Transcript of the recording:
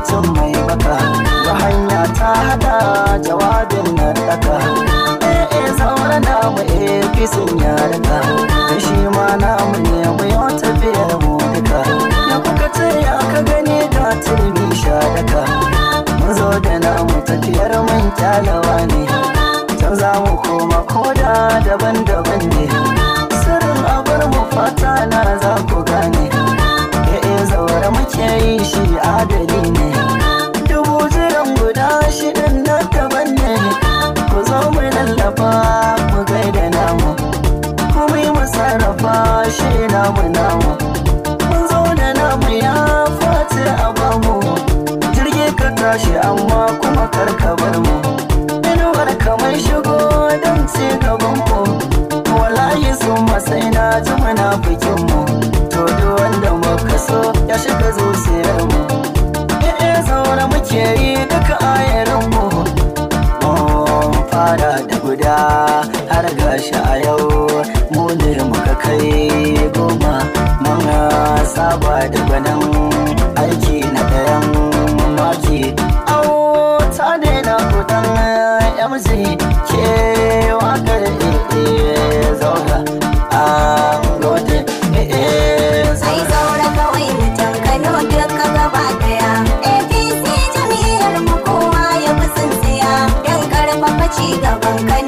titin mai baka ga hanya ta hada jawabin na daka eh zaura na mu eh kisin eh, ya raka shi ma na mu ne mu yau tafiya mu duka ya kuka ce ya ka gani ga turbi sha daka mun zo da namu tafiyar mun kyalawa ne can za mu koma koda daban-daban ne sirrin abar mu fata na za ku gane ya eh, eh, zaura muke yi shi adali shi namu namu mun zauna namu ya fata a bamu jirgi ka tashi amma kuma kar mu inuwar kamar shigo don ce gaban ku wallahi sun masai na ji muna bikin mu to duk wanda muka so ya shiga zuciyar mu eh, eh zaura muke yi duka ayarin mu fara da guda har gashi a yau kai goma muna da banan aiki na ɗayan mamaki auta ne na kudan mz ke wakar eh, eh, a gode daya jam'iyyar mu ya fi tsintsiya ci gaban kai